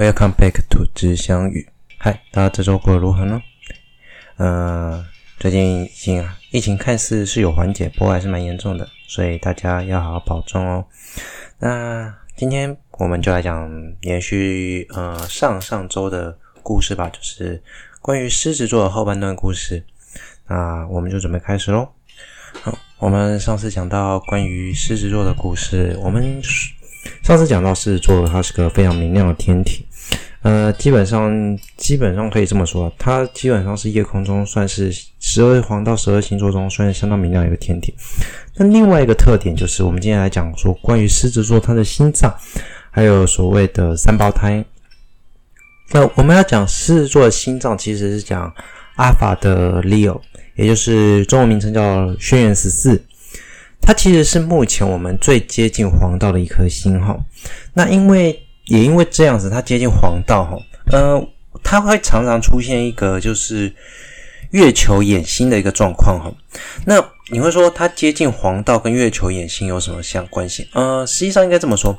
Welcome back to 知相遇。嗨，大家這週過得如何呢？呃，最近疫情啊，疫情看似是有緩解，不過還是蠻嚴重的，所以大家要好好保重哦。那今天我們就來講延續呃上上週的故事吧，就是關於獅子座的後半段故事。那我們就準備開始嘍。好，我們上次講到關於獅子座的故事，我們上次講到獅子座，它是個非常明亮的天體。呃，基本上基本上可以這麼說，它基本上是夜空中算是十二黃道十二星座中算是相當明亮一個天體。那另外一個特點就是，我們今天來講說關於獅子座它的心臟，還有所謂的三胞胎。那我們要講獅子座的心臟，其實是講阿爾法的 Leo，也就是中文名稱叫軒轅十四。它其實是目前我們最接近黃道的一顆星號，那因為也因為這樣子，它接近黃道哈，呃，它會常常出現一個就是月球掩星的一個狀況哈。那你會說它接近黃道跟月球掩星有什麼相關性？呃，實際上應該這麼說，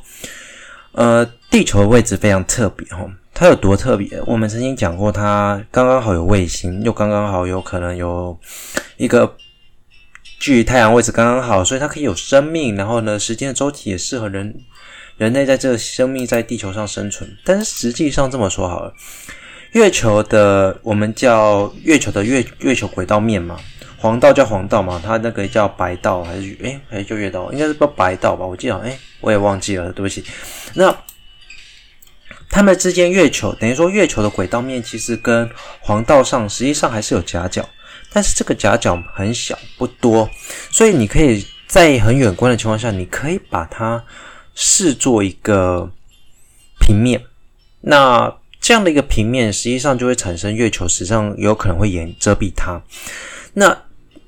呃，地球的位置非常特別哈，它有多特別？我們曾經講過，它剛剛好有衛星，又剛剛好有可能有一個距離太陽位置剛剛好，所以它可以有生命。然後呢，時間的周期也適合人。人類在這個生命在地球上生存，但是實際上這麼說好了，月球的我們叫月球的月月球軌道面嘛，黃道叫黃道嘛，它那個叫白道還是誒，還是叫、欸欸、月道，應該是叫白道吧？我記得誒、欸，我也忘記了，對不起。那它們之間，月球等於說月球的軌道面其實跟黃道上實際上還是有夾角，但是這個夾角很小不多，所以你可以在很遠觀的情況下，你可以把它。視作一個平面，那這樣的一個平面，實際上就會產生月球，實際上有可能會掩遮蔽它，那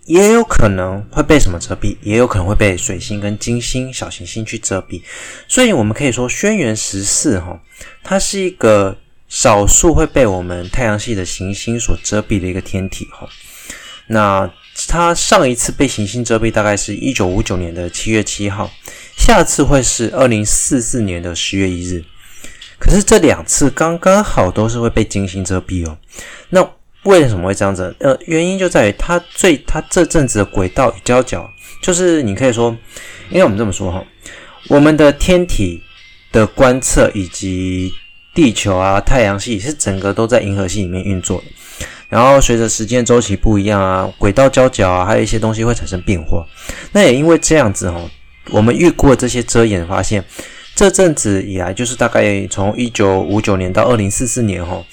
也有可能會被什麼遮蔽，也有可能會被水星跟金星小行星去遮蔽，所以我們可以說，軒轅十四吼，它是一個少數會被我們太陽系的行星所遮蔽的一個天體吼，那它上一次被行星遮蔽，大概是一九五九年的七月七號。下次會是二零四四年的十月一日，可是這兩次剛剛好都是會被金星遮蔽哦。那為什麼會這樣子？呃，原因就在於它最它這陣子的軌道與交角，就是你可以說，因為我們這麼說哈，我們的天體的觀測以及地球啊、太陽系是整個都在銀河系裡面運作的，然後隨着時間週期不一樣啊，軌道交角啊，還有一些東西會產生變化。那也因為這樣子哦。我們預估的這些遮掩，發現這陣子以來，就是大概從一九五九年到二零四四年哈，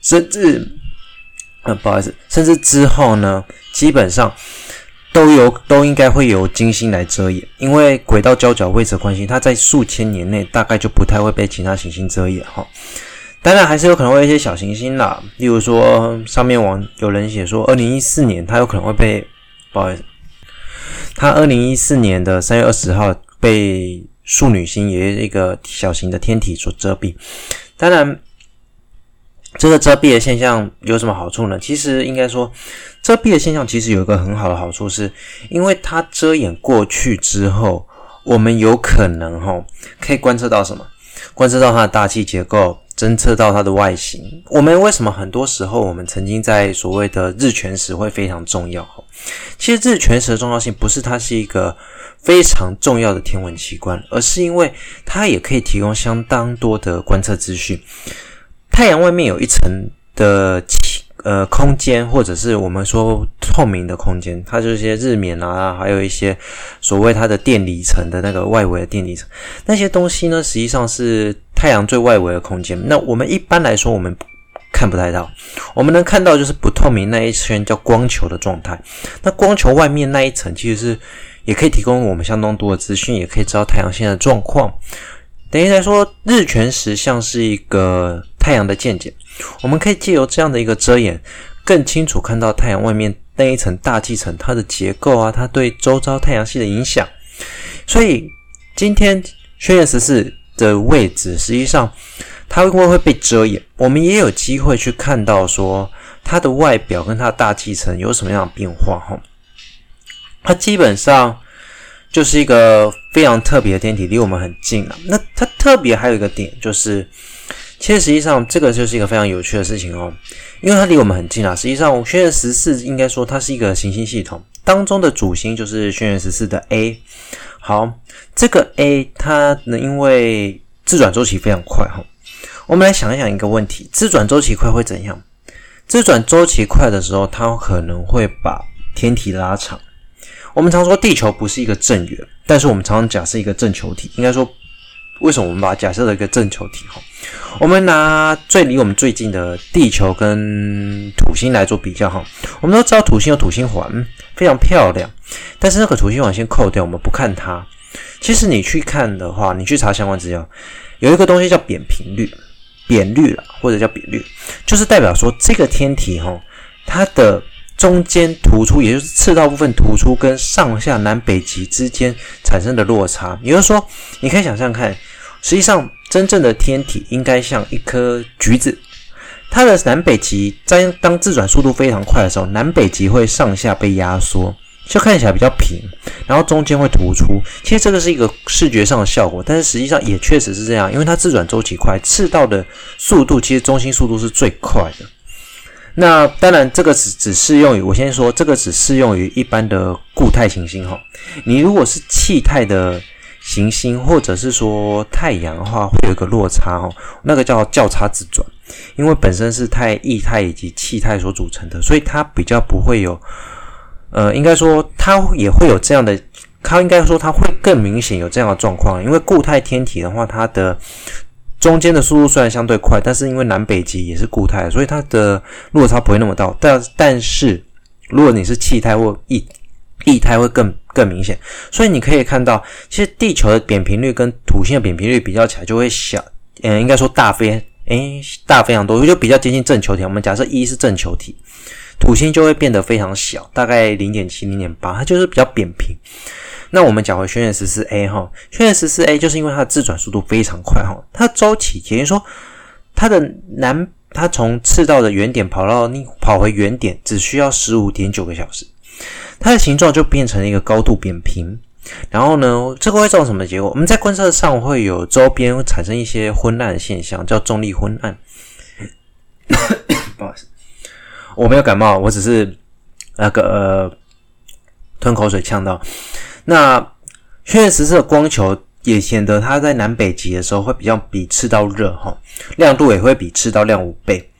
甚至，啊、呃、不好意思，甚至之後呢，基本上都有都應該會有金星來遮掩，因為軌道交角位置關係，它在數千年內大概就不太會被其他行星遮掩哈。當然還是有可能會有一些小行星啦，例如說、呃、上面網有人寫說二零一四年它有可能會被，不好意思。它二零一四年的三月二十號被樹女星，也是一個小型的天體所遮蔽。當然，這個遮蔽的現象有什麼好處呢？其實應該說，遮蔽的現象其實有一個很好的好處是，是因為它遮掩過去之後，我們有可能哈、哦、可以觀測到什麼？觀測到它的大氣結構。偵測到它的外形，我們為什麼很多時候我們曾經在所謂的日全食會非常重要？其實日全食的重要性不是它是一個非常重要的天文奇觀，而是因為它也可以提供相當多的觀測資訊。太陽外面有一層的氣。呃，空間或者是我們說透明的空間，它就是些日冕啊，還有一些所謂它的電離層的那個外圍的電離層，那些東西呢，實際上是太陽最外圍的空間。那我們一般來說，我們看不太到，我們能看到就是不透明那一圈叫光球的狀態。那光球外面那一層，其實是也可以提供我們相當多的資訊，也可以知道太陽現在的狀況。等於來說，日全食像是一個太陽的見解。我們可以借由這樣的一個遮掩，更清楚看到太陽外面那一層大氣層它的結構啊，它對周遭太陽系的影響。所以今天軒轅十四的位置，實際上它會不會被遮掩，我們也有機會去看到說它的外表跟它的大氣層有什麼樣的變化哈。它基本上就是一個非常特別的天體，離我們很近啊。那它特別還有一個點就是。其實實際上這個就是一個非常有趣的事情哦，因為它離我們很近啊。實際上，軒轅十四應該說它是一個行星系統當中的主星，就是軒轅十四的 A。好，這個 A 它呢，因為自轉週期非常快哈、哦，我們來想一想一個問題：自轉週期快會怎樣？自轉週期快的時候，它可能會把天體拉長。我們常說地球不是一個正圓，但是我們常常講是一個正球體，應該說。為什麼我們把它假設的一個正球體哈，我們拿最離我們最近的地球跟土星來做比較哈。我們都知道土星有土星環，非常漂亮。但是那個土星環先扣掉，我們不看它。其實你去看的話，你去查相關資料，有一個東西叫扁平率，扁率啦，或者叫扁率，就是代表說這個天體哈，它的中間突出，也就是赤道部分突出跟上下南北極之間產生的落差。也就是說，你可以想象看。實際上，真正的天體應該像一顆橘子，它的南北極在當自轉速度非常快的時候，南北極會上下被壓縮，就看起來比較平，然後中間會突出。其實這個是一個視覺上的效果，但是實際上也確實是這樣，因為它自轉週期快，赤道的速度其實中心速度是最快的。那當然，這個只只適用於，我先說這個只適用於一般的固態行星吼。你如果是氣態的，行星或者是說太陽的話，會有一個落差哦，那個叫較差自轉，因為本身是太液態以及氣態所組成的，所以它比較不會有，呃，應該說它也會有這樣的，它應該說它會更明顯有這樣的狀況，因為固態天體的話，它的中間的速度雖然相對快，但是因為南北極也是固態，所以它的落差不會那麼大，但但是如果你是氣態或液態，會更。更明顯，所以你可以看到，其實地球的扁平率跟土星的扁平率比較起來就會小，嗯，應該說大非，哎、欸，大非常多。就比較接近正球體。我們假設一、e、是正球體，土星就會變得非常小，大概零點七、零點八，它就是比較扁平。那我們講回軒轅十四 A 哈，軒轅十四 A 就是因為它的自轉速度非常快哈，它周期，期，也就是說，它的南，它從赤道的原點跑到你跑回原點，只需要十五點九個小時。它的形狀就變成了一個高度扁平，然後呢，這個會造成什麼結果？我們在觀測上會有周邊產生一些昏暗的現象，叫重力昏暗。 不好意思，我沒有感冒，我只是那個、呃、吞口水嗆到。那確實是光球也顯得它在南北極的時候會比較比赤道熱哈，亮度也會比赤道亮五倍。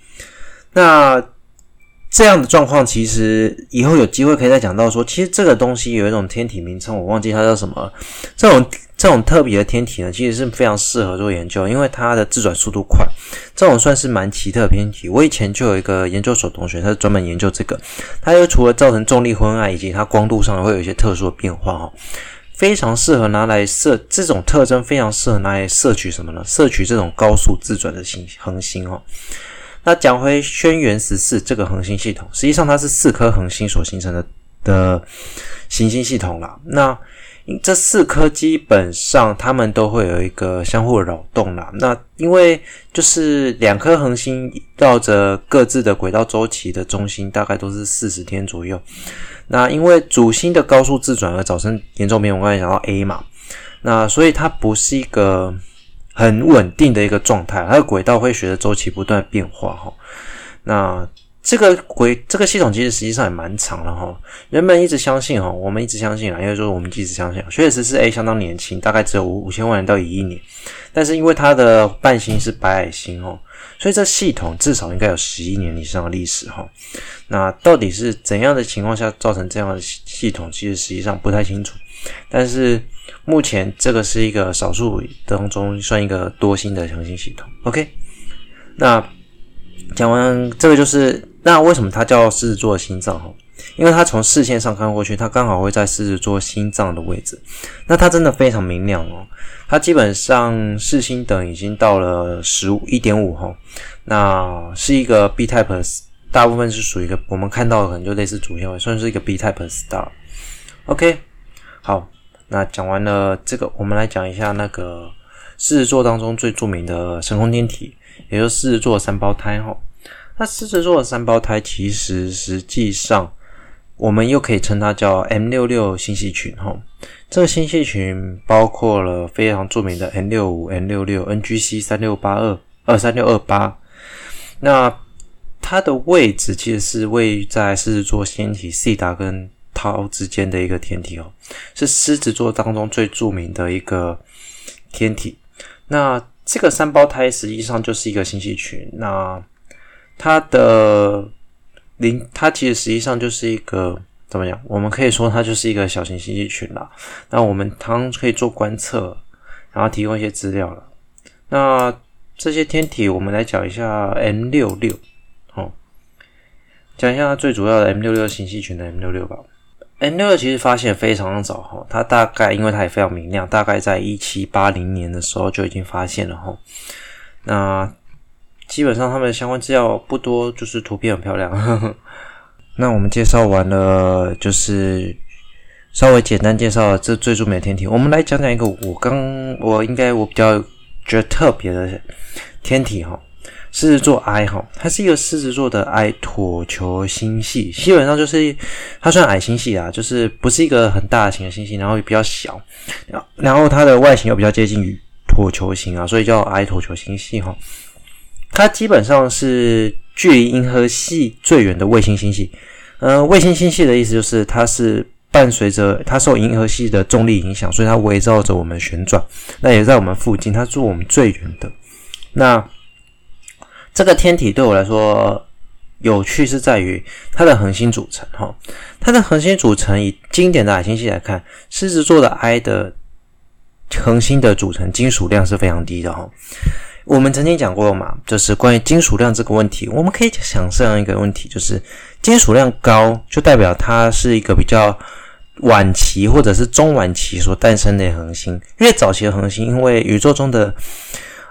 那這樣的狀況，其實以後有機會可以再講到說，其實這個東西有一種天體名稱，我忘記它叫什麼了。這種這種特別的天體呢，其實是非常適合做研究，因為它的自轉速度快，這種算是蠻奇特的天體。我以前就有一個研究所同學，他是專門研究這個。它就除了造成重力昏暗，以及它光度上會有一些特殊的變化哦，非常適合拿來攝這種特徵，非常適合拿來攝取什麼呢？攝取這種高速自轉的行恆星哦。那講回軒轅十四這個恆星系統，實際上它是四顆恆星所形成的的行星系統啦，那這四顆基本上它們都會有一個相互擾動啦，那因為就是兩顆恆星繞着各自的軌道周期的中心，大概都是四十天左右。那因為主星的高速自轉而造成嚴重扁平，我剛才講到 A 嘛，那所以它不是一個。很穩定的一個狀態，它的軌道會隨着周期不斷變化哈。那這個軌這個系統其實實際上也蠻長了哈。人們一直相信哈，我們一直相信啊，因為說我們一直相信，確實是 a 相當年輕，大概只有五五千萬年到一億年。但是因為它的伴星是白矮星哈，所以這系統至少應該有十億年以上的歷史哈。那到底是怎樣的情況下造成這樣的系統，其實實際上不太清楚。但是目前這個是一個少數當中算一個多星的恆星系統。OK，那講完這個就是那為什麼它叫獅子座的心臟哈？因為它從視線上看過去，它剛好會在獅子座心臟的位置。那它真的非常明亮哦，它基本上視星等已經到了十五一點五哈。那是一個 B type，大部分是屬於一個我們看到的可能就類似主星，算是一個 B type star。OK。好，那講完了這個，我們來講一下那個獅子座當中最著名的深空天體，也就是獅子座三胞胎哈。那獅子座的三胞胎其實實際上，我們又可以稱它叫 M 六六星系群哈。這個星系群包括了非常著名的 M 六五，呃、M 六六、NGC 三六八二二三六二八。那它的位置其實是位於在獅子座星體 C 達跟超之間的一個天體哦，是獅子座當中最著名的一個天體。那這個三胞胎實際上就是一個星系群。那它的零，它其實實際上就是一個怎麼講？我們可以說它就是一個小型星系群啦。那我們當然可以做觀測，然後提供一些資料了。那這些天體，我們來講一下 M 六六哦，講一下它最主要的 M 六六星系群的 M 六六吧。N 六六其實發現非常的早哈，它大概因為它也非常明亮，大概在一七八零年的時候就已經發現了哈。那基本上他們相關資料不多，就是圖片很漂亮。呵呵。那我們介紹完了，就是稍微簡單介紹這最著名的天體。我們來講講一個我剛我應該我比較覺得特別的天體哈。獅子座 I 哈，它是一個獅子座的矮橢球星系，基本上就是它算矮星系啊，就是不是一個很大型的星系，然後也比較小，然後它的外形又比較接近於橢球形啊，所以叫矮橢球星系哈。它基本上是距離銀河系最遠的衛星星系。呃，衛星星系的意思就是它是伴隨着它受銀河系的重力影響，所以它圍繞着我們旋轉，那也在我們附近，它是我們最遠的。那這個天體對我來說有趣，是在於它的恆星組成。哈，它的恆星組成以經典的矮星系來看，獅子座的 I 的恆星的組成金屬量是非常低的。哈，我們曾經講過嘛，就是關於金屬量這個問題，我們可以想象一個問題，就是金屬量高就代表它是一個比較晚期或者是中晚期所誕生的恆星。越早期的恆星，因為宇宙中的。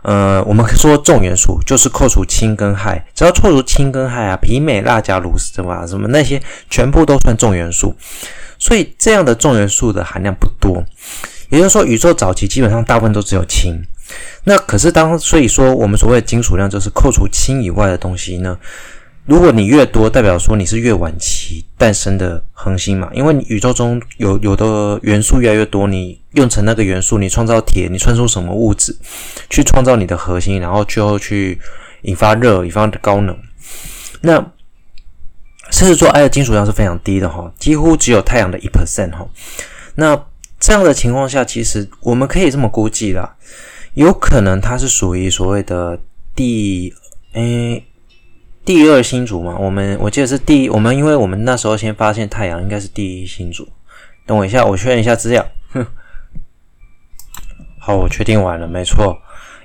呃，我們說重元素就是扣除氫跟氦，只要扣除氫跟氦啊，鈹、鎂鈉、鉀、鋁斯什麼什麼那些，全部都算重元素。所以這樣的重元素的含量不多，也就是說宇宙早期基本上大部分都只有氫。那可是當，所以說我們所謂的金屬量就是扣除氫以外的東西呢？如果你越多，代表說你是越晚期誕生的恆星嘛？因為你宇宙中有有的元素越來越多，你用成那個元素，你創造鐵，你穿出什麼物質去創造你的核心，然後最後去引發熱，引發高能。那獅子座 I 的金屬量是非常低的哈，幾乎只有太陽的一 percent 哈。那這樣的情況下，其實我們可以這麼估計啦，有可能它是屬於所謂的第誒。第二星族嘛，我們我記得是第一。我們因為我們那時候先發現太陽應該是第一星族。等我一下，我確認一下資料。哼，好，我確定完了，沒錯，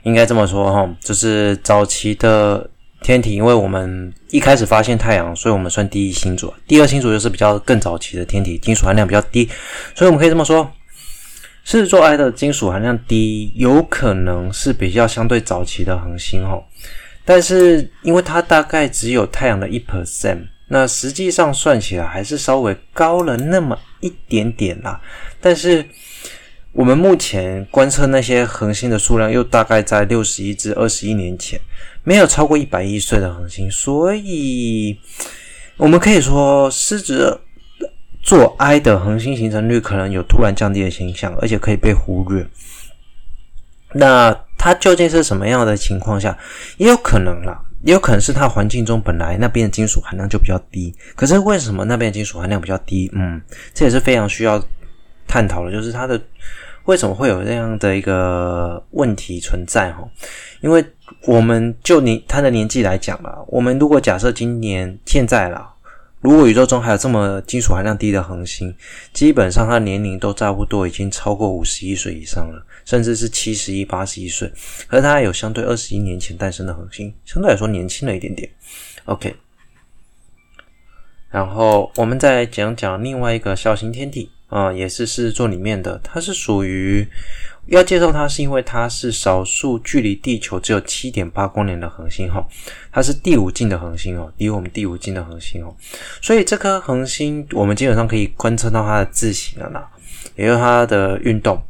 應該這麼說哈、哦，就是早期的天體，因為我們一開始發現太陽，所以我們算第一星族。第二星族就是比較更早期的天體，金屬含量比較低，所以我們可以這麼說，獅子座 I 的金屬含量低，有可能是比較相對早期的恆星哈。哦但是，因為它大概只有太陽的一 percent，那實際上算起來還是稍微高了那麼一點點啦。但是，我們目前觀測那些恆星的數量又大概在六十億至二十億年前，沒有超過一百億歲的恆星，所以我們可以說，獅子座 I 的恆星形成率可能有突然降低的現象，而且可以被忽略。那。它究竟是什麼樣的情況下，也有可能啦，也有可能是它環境中本來那邊的金屬含量就比較低。可是為什麼那邊的金屬含量比較低？嗯，這也是非常需要探討的，就是它的為什麼會有這樣的一個問題存在哈？因為我們就年它的年紀來講啦，我們如果假設今年現在啦，如果宇宙中還有這麼金屬含量低的恆星，基本上它年齡都差不多已經超過五十億歲以上了。甚至是七十一、八十一歲，可是它還有相對二十一年前誕生的恆星，相對來說年輕了一點點。OK，然後我們再講講另外一個小型天體啊、嗯，也是獅子座裡面的，它是屬於要介紹它，是因為它是少數距離地球只有七點八光年的恆星哦，它是第五近的恆星哦，離我們第五近的恆星哦，所以這顆恆星我們基本上可以觀測到它的自行了啦，也就是它的運動。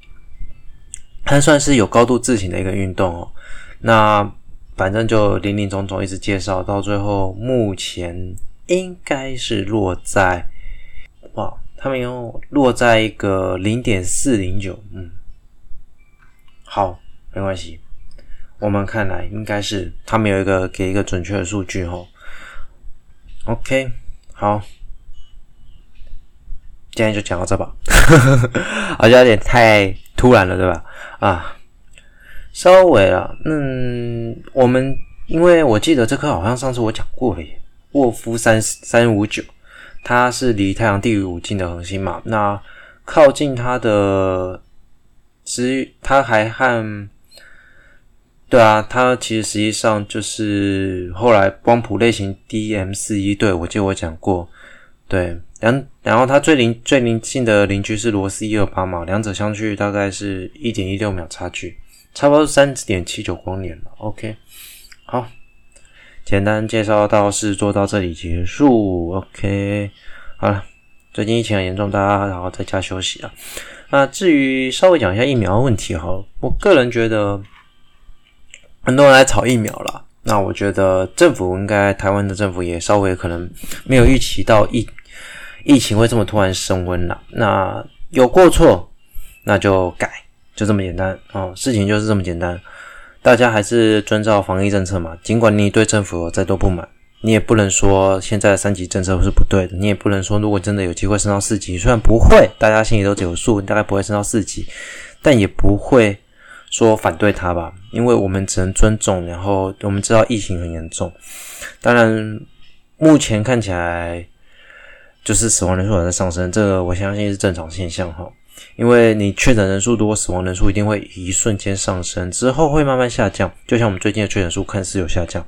他算是有高度自省的一個運動哦。那反正就林林總總一直介紹到最後，目前應該是落在哇，他們又落在一個零點四零九。嗯，好，沒關係。我們看來應該是他們有一個給一個準確的數據哦。OK，好，今天就講到這吧。呵 呵，好像有點太。突然了，對吧？啊，稍微啊，嗯，我們，因為我記得這顆好像上次我講過耶，沃夫三三五九，它是離太陽第五近的恆星嘛。那靠近它的，之，它還和，對啊，它其實實際上就是後來光譜類型 D M 四一，對，我記得我講過，對。兩，然後它最鄰最鄰近的鄰居是羅斯一二八嘛，兩者相距大概是一點一六秒差距，差不多三點七九光年了。OK，好，簡單介紹到是做到這裡結束。OK，好了，最近疫情很嚴重，大家好好在家休息啊。那至於稍微講一下疫苗的問題哈，我個人覺得很多人來炒疫苗了，那我覺得政府應該台灣的政府也稍微可能沒有預期到疫。疫情會這麼突然升溫了、啊，那有過錯，那就改，就這麼簡單啊、哦！事情就是這麼簡單，大家還是遵照防疫政策嘛。儘管你對政府有再多不滿，你也不能說現在的三級政策是不對的，你也不能說如果真的有機會升到四級，雖然不會，大家心裡都有數，大概不會升到四級，但也不會說反對它吧，因為我們只能尊重，然後我們知道疫情很嚴重。當然，目前看起來。就是死亡人數還在上升，這個我相信是正常現象哈，因為你確診人數多，死亡人數一定會一瞬間上升，之後會慢慢下降。就像我們最近的確診數看似有下降，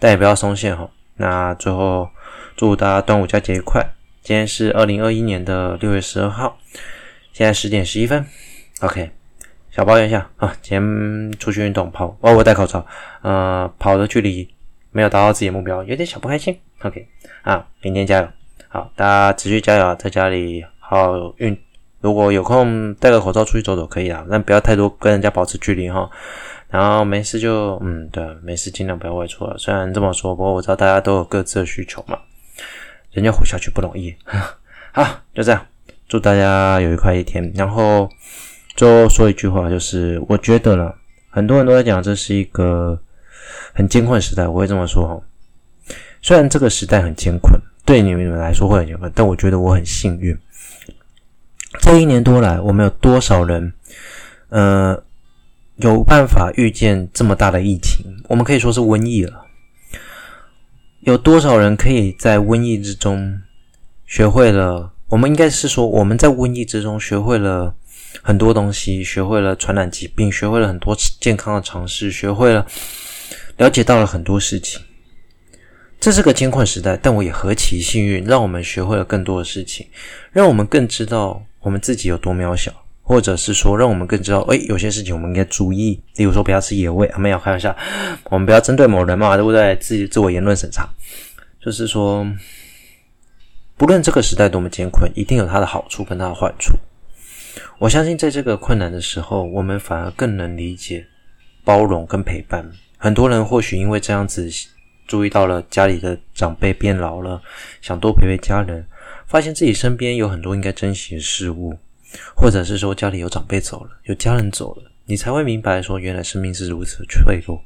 但也不要鬆懈哈。那最後，祝大家端午佳節愉快！今天是二零二一年的六月十二號，現在十點十一分。OK，小抱怨一下啊，今天出去運動跑，哦我戴口罩，呃，跑的距離沒有達到自己的目標，有點小不開心。OK，啊，明天加油。好，大家持續加油，在家裡好，好運。如果有空，戴個口罩出去走走可以啊，但不要太多，跟人家保持距離哈。然後沒事就，嗯，對，沒事儘量不要外出了，雖然這麼說，不過我知道大家都有各自的需求嘛，人家活下去不容易。好，就這樣，祝大家有愉快一天。然後最後說一句話，就是我覺得呢，很多人都在講這是一個很艱困的時代，我會這麼說哈。雖然這個時代很艱困。對你們來說會很興奮，但我覺得我很幸運。這一年多來，我們有多少人，呃，有辦法遇見這麼大的疫情？我們可以說是瘟疫了。有多少人可以在瘟疫之中學會了？我們應該是說，我們在瘟疫之中學會了很多東西，學會了傳染疾病，學會了很多健康的常識，學會了了解到了很多事情。這是個艱困時代，但我也何其幸運，讓我們學會了更多的事情，讓我們更知道我們自己有多渺小，或者是說，讓我們更知道，誒，有些事情我們應該注意，例如說不要吃野味啊，沒有開玩笑，我們不要針對某人嘛，都在自己自我言論審查，就是說，不論這個時代多麼艱困，一定有它的好處跟它的壞處。我相信，在這個困難的時候，我們反而更能理解、包容跟陪伴。很多人或許因為這樣子。注意到了家裡的長輩變老了，想多陪陪家人，發現自己身邊有很多應該珍惜的事物，或者是說家裡有長輩走了，有家人走了，你才會明白說原來生命是如此脆弱。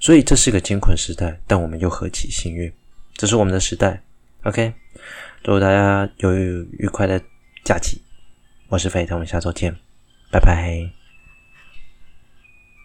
所以這是個艱困時代，但我們又何其幸運，這是我們的時代。OK，祝大家有愉快的假期，我是肥，我們下週見，拜拜。